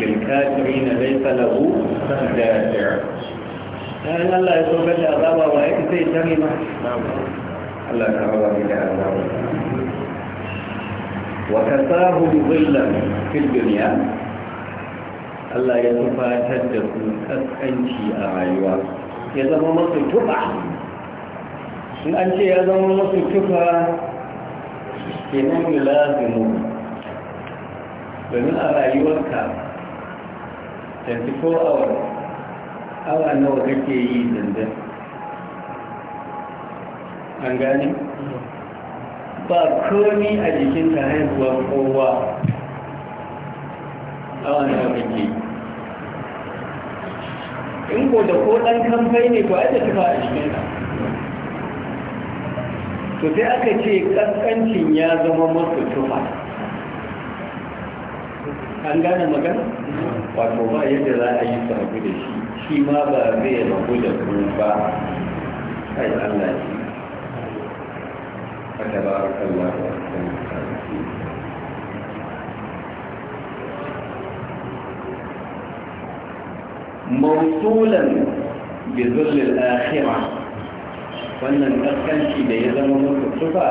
lilkafiri na zai salabu da fiya yayin Allah ya so gaji azaba wa ya fi sai tare ma Allah ka raba da azaba وكساه ظلا في الدنيا Allah ya tufatar da ku kaskanci a rayuwa ya zama masu tufa in an ya zama masu tufa ke nan lazimu domin a rayuwarka 24 hours awa nawa kake yi dandan an gane ba komi a jikin ta haihuwa kowa a wani wakilki in ko da ko ɗan kamfai ne ko ake tufa a jikin ta to sai aka ce kaskancin ya zama masu tufa an gane magana wato ba yadda za a yi sabu da shi shi ma ba zai rabu da su ba a yi فتبارك الله أحسن الخالقين موصولا بذل الآخرة wannan kaskanci da ya zama mutu tufa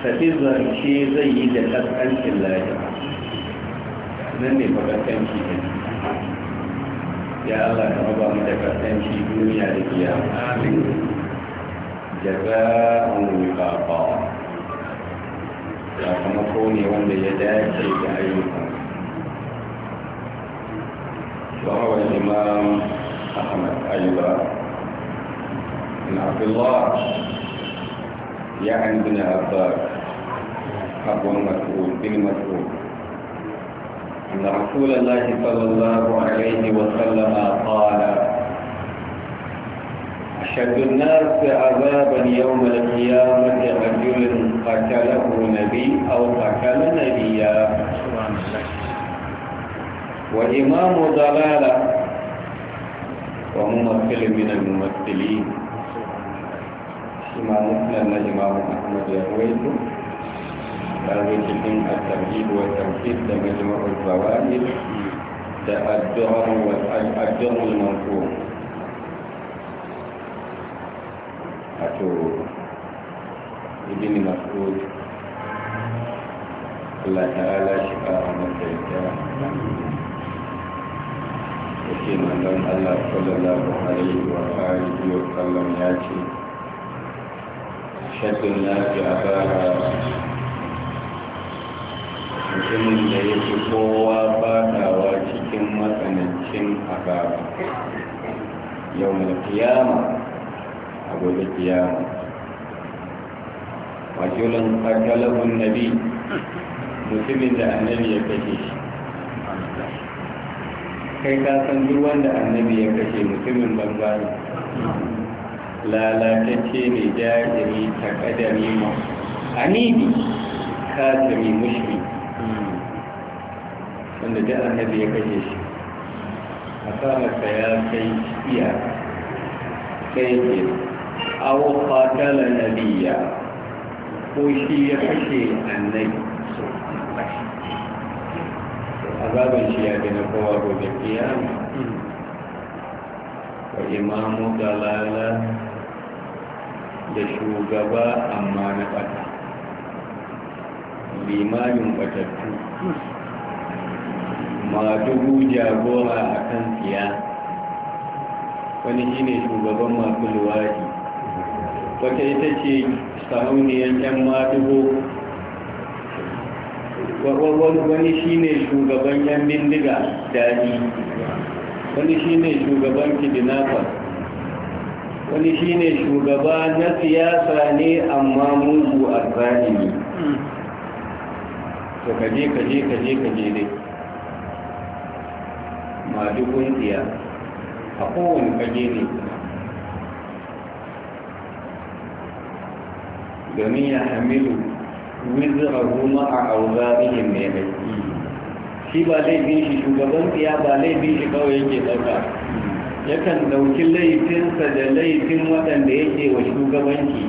ka fi zai yi da kaskancin lafiya nan ne ba kaskanci ne. ya Allah ka ba mu da kaskanci duniya da kiyama amin jaza'un wiqaqa ya kuma ko ne wanda ya dace da ayyuka wa huwa imam ahmad ayyuba ibn abdullah ya an bin abbas abu mas'ud bin mas'ud ان رسول الله صلى الله عليه وسلم قال أشد الناس عذابا يوم القيامة رجل قتله نبي أو قتل نبيا وإمام ضلالة وممثل من الممثلين إمام مسلم الإمام أحمد يرويته هذه تكون الترهيب والتوحيد لمجموع الزوائد الدرر والأجر المنصور wato ibini mas'ud Allah ta'ala shi ƙara masa yadda yake manzon Allah sallallahu alaihi wa alihi wa sallam ya ce shaddun ya fi abara mutumin da ya fi kowa fadawa cikin matsanancin abara yau mai kiyama a gobe kiyama wakilan kakalahun nabi mutumin da annabi ya kashe shi kai ka san duk wanda annabi ya kashe mutumin banza ne lalatacce ne jajiri ta takadari ma anidi katiri mushri wanda duk annabi ya kashe shi a samarsa ya kai iya sai ke aw qatala nabiyya ko shi ya kashe annabi azaban shi ya gina kowa gobe kiyama wa imamu dalala da shugaba amma na bata limamin batattu masu jagora a kan siya wani ne shugaban masu luwaji wata ita ce sarauniyar yan madugo wani shi ne shugaban yan bindiga daji wani shi ne shugaban kidinafa wani shi ne shugaba na siyasa ne amma mugu a ne to kaje kaje kaje kaje dai dukun siya a kowane kaje ne domin ya hamilu wizrahu ma'a auzarihim mai haƙi shi ba laifin shi shugaban tsiya ba laifin shi kawai yake ɗauka yakan ɗauki laifinsa da laifin waɗanda yake wa shugabanci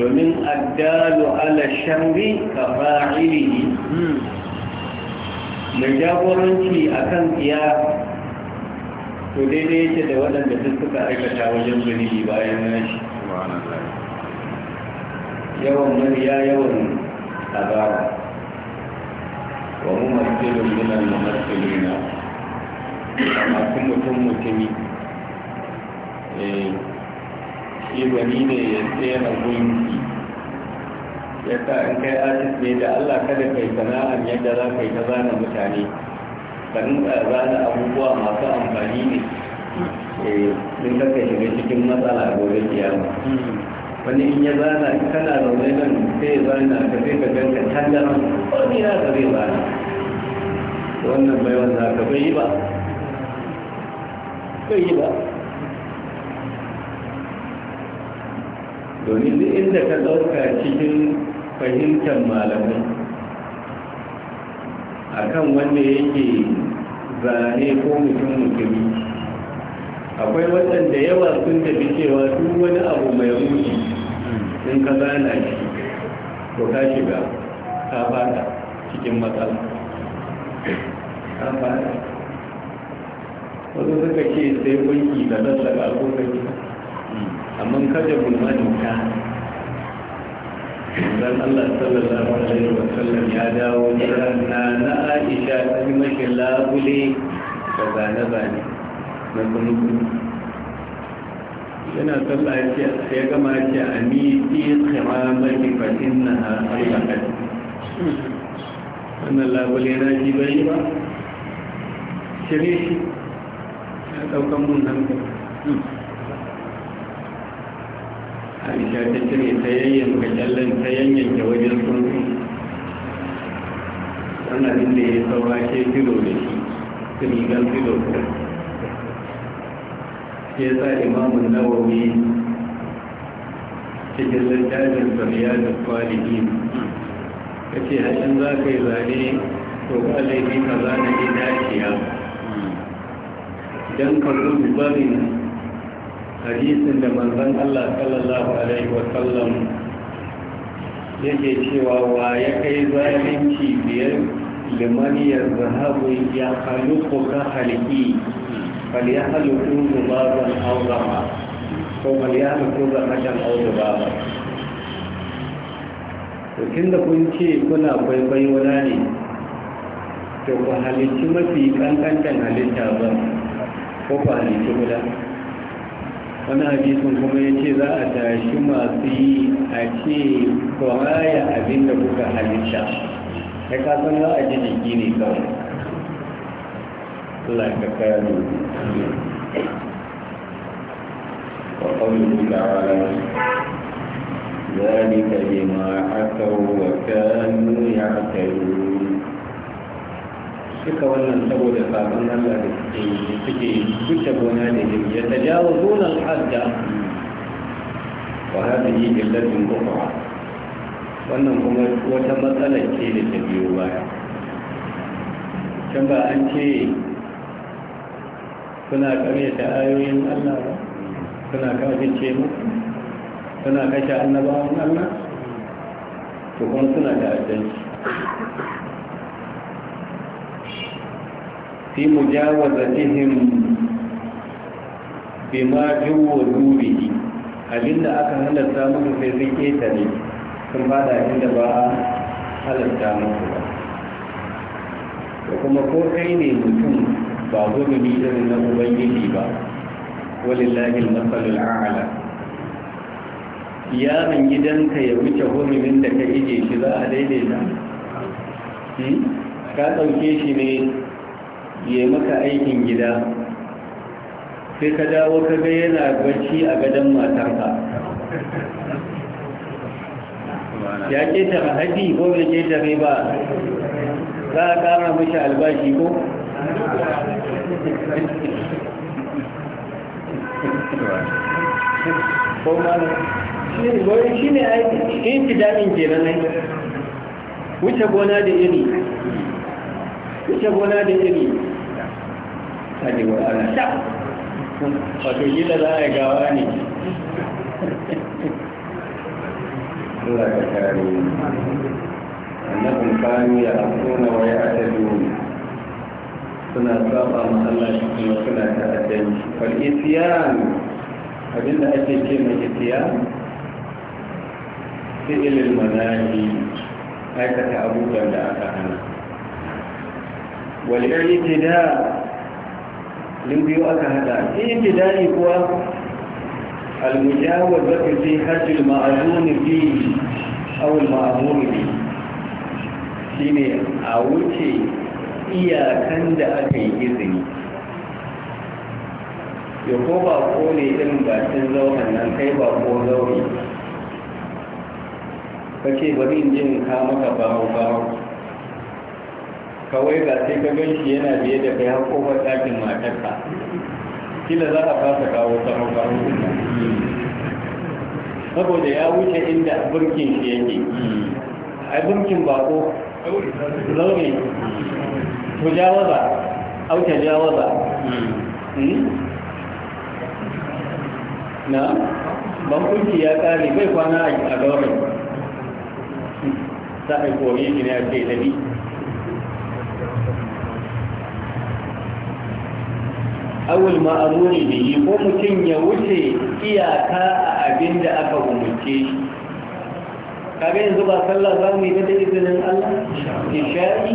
domin addalu ala sharri ka fa'ilihi mai jagoranci a kan tsiya to daidai yake da waɗanda suka aikata wajen zunubi bayan nashi yawan mariya yawan azaba wa mu masjidun minan na, masu mutum mutumi eh, shi gani ne ya tsera gunki ya sa in kai artist ne da allah kada kai sana'an yadda za ka yi ta zana mutane ka rinka zana abubuwa masu amfani ne sun eh, kaka shiga cikin matsala gobe kiyama hmm. wani in ya zana kana zaune nan sai ya zana ka sai ka ganka tallar wani ya zare zana wannan bai wanda ka bai yi ba bai yi ba domin duk inda ka ɗauka cikin fahimtar malamai kan wanda yake zane ko mutum mutumi akwai waɗanda yawa sun tafi cewa duk wani abu mai mutu sun ka gana shi ko ka shiga ka fada cikin matsala ka fada wasu suka ce sai kunki da abokan abokanki amma kaje bulmani ka dan Allah sallallahu alaihi wa sallam ya dawo na na Aisha ta yi mashi labule da zane-zane na kuma yana sallah ya gama ce a tsira mafi fashin na harbakat wannan labule na ji bai ba shirye shi ya daukan mun hankali isa ta cire ta yayyanka kyallon ta yayyanka wajen tsunku wannan inda ya saura ke filo da shi filigan filo kuma ya sa imamun nawawi cikin littafin sariya da kwalihi ka ce hashin za ka yi zane to kwalihi ka zane dakiya don ka gudu barin hadisin da manzan Allah sallallahu Alaihi wasallam yake cewa wa ya kai zalunci biyar limaniyar ya zahabu ya haluku ka halki فليخلقوا ذبابا أو ضبابا فليخلقوا ذبابا أو ضبابا to da kun ce kuna kwaikwayo na ne to ku halittu mafi kankantan halitta ba ko ku halittu guda wani hadisun kuma ya ce za a tashi masu yi a ce ku raya abin da kuka halitta ya kasan za a ji jiki ne kawai الله كفاني وقوله تعالى ذلك بما حكوا وكانوا يعتدون شكرا لنا نسود قابلنا الله في كتب ونالهم يتجاوزون الحد وهذه جلة اخرى wannan kuma wata matsalar ce da ta suna karyata ayoyin Allah ba suna kafirce mu suna kashe annabawan Allah to kuma suna da addanci fi mujawazatihim bima juwudu bihi abinda aka halatta muku sai sun ne sun bada inda ba a halatta musu ba kuma ko kai ne mutum ba gudumi irin na ubangiji ba walillahi masalul a'ala yaron gidanka ya wuce hurumin da ka ije shi za a daidaita hmm? ka ɗauke shi ne ya maka aikin gida sai ka dawo ka ga yana bacci a gadon matarka ya ƙetare haɗi ko bai ƙetare ba za a ƙara mashi albashi ko ko malam shi ne goyon shi ne aiki damin kenan ne wuce gona da iri wuce gona da iri ta ne wa sha wato gida za a gawa ne *laughs* Allah ka kare annabin kanu ya akuna wa ya atadu suna saba ma Allah shi kuma suna addini wal isyan abinda ake ce mai isyan fi'ilil manahi aikata abubuwan da aka hana wal ibtida din biyo aka hada i'tidai kuwa al mujawazatu fi hajj al ma'zun fi aw al ma'mur bi shine a wuce iyakan da aka yi izini ya ko ba ko ne irin bakin zaunan nan kai ba ko zaune ka ce bari in jin ka maka bawo bawo kawai ga sai ka gan shi yana biye da kai har ba ɗakin matarka kila za a fasa kawo bawo bawo saboda ya wuce inda burkin shi yake ai burkin ko zaune mujawaba au tajawaza hmm? hmm? na bankunci ya kare bai kwana a gaurin za a koyi shi ne ce dabi awul ma'aruri da yi ko mutum ya wuce iyaka a abin da aka umarce shi kaga yanzu ba sallah za mu yi ba da izinin Allah isha'i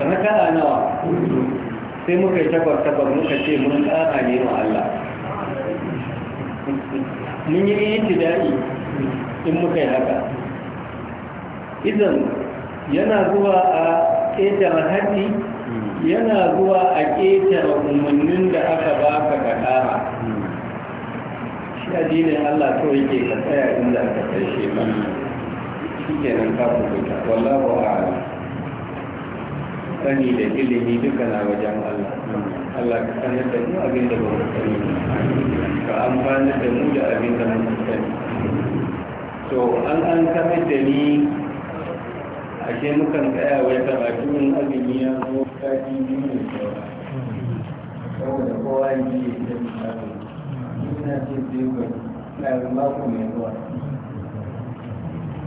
da na kana nawa sai muka yi tabar tabar muka ce mun ƙara ne wa Allah mun yi yi tidai in muka yi haka idan yana zuwa a ƙetare haɗi yana zuwa a ƙetare umarnin da aka ba ka ƙara shi addinin Allah kawai ke ka tsaya inda ka kai shi ba shi ke nan ka kubuta wallahu a'ala sani da ilimi duka na wajen Allah Allah ka sanar da mu abin da ba mu sani ka amfani da mu da abin da mu sani to an an kamar da ni ashe mukan tsaya wai karatu in azumi ya zo kaji biyu ne saboda kowa yi da misali ina ce zai ga na mako mai zuwa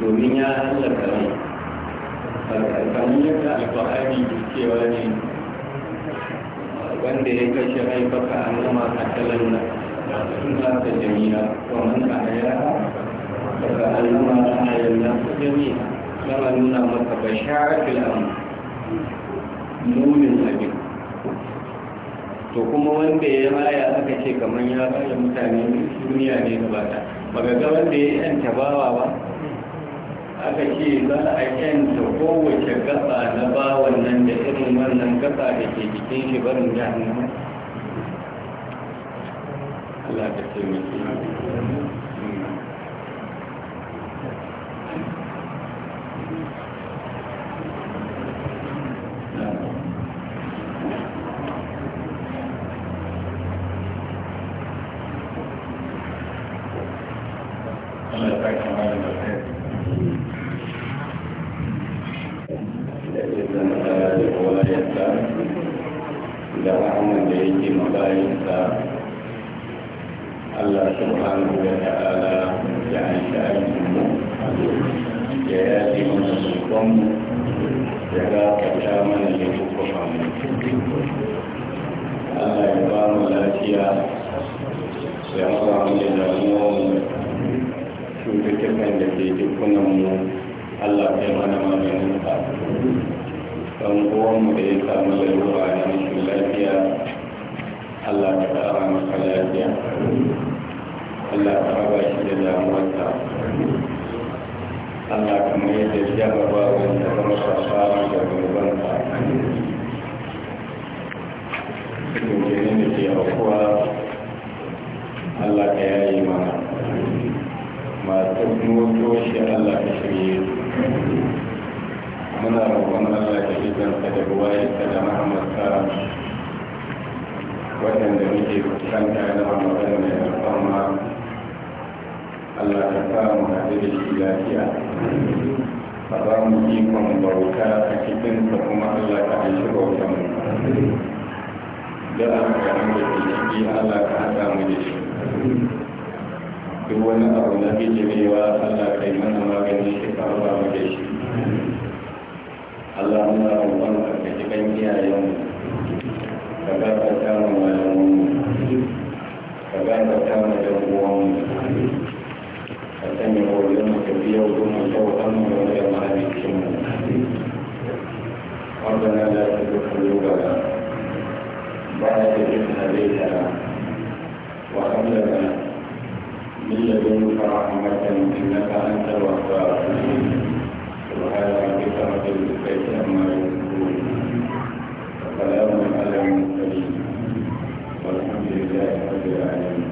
domin ya hallaka ne ya yadda alfahari cewa ne wanda ya kashe rai baka an zama a talar na suna ta jami'a wannan a haya baka an zama a hayar na su jami'a zama nuna maka bashara filamu mumin abin to kuma wanda ya raya aka ce kamar ya raya mutane duniya ne gaba ta ba ga wanda ya yanta bawa ba aka ce za a kyanta kowace gaba na bawan nan da irin wannan gaba da ke jikin shi barin jahannama Allah Allah subhanahu wa ta'ala ya aika ya yaji mana ya gafarta mana da kukufanmu Allah ya ba mu lafiya ya ba mu da damuwanmu cututtukan da ke Allah ya mana maganin da ya samu lalura ya lafiya Allah ya ƙara lafiya Allah ka raba shi da damuwarsa Allah kuma ya jarraba wanda ka masa fara da gurbansa dukkanin da ke aukuwa Allah ka yayi mana masu motoci Allah ka shirye muna Allah ka da ruwayarsa da Muhammad waɗanda muke fuskanta na magana mai alfarma Allah ta samu na da shi lafiya A ba mu ikon bauta a cikinsa kuma Allah ka aishi bauta mu da alƙarin da ke ciki Allah ka haɗa mu da shi duk wani abu na hijirewa Allah ka yi mana magani shi ka raba mu da shi Allah mu na roƙon ka ka ji kan iyayenmu ka gafarta mu malamanmu ka gafarta mu ɗan mu. فاستمعوا لما تبيعون سوءا ولا يعلمكم ربنا لا تزغ قلوبنا بعد إذ هديتنا وهب لنا من لدنك رحمة إنك أنت الوهاب سبحانك ربك رب العزة عما يصفون وسلام على المرسلين والحمد لله رب العالمين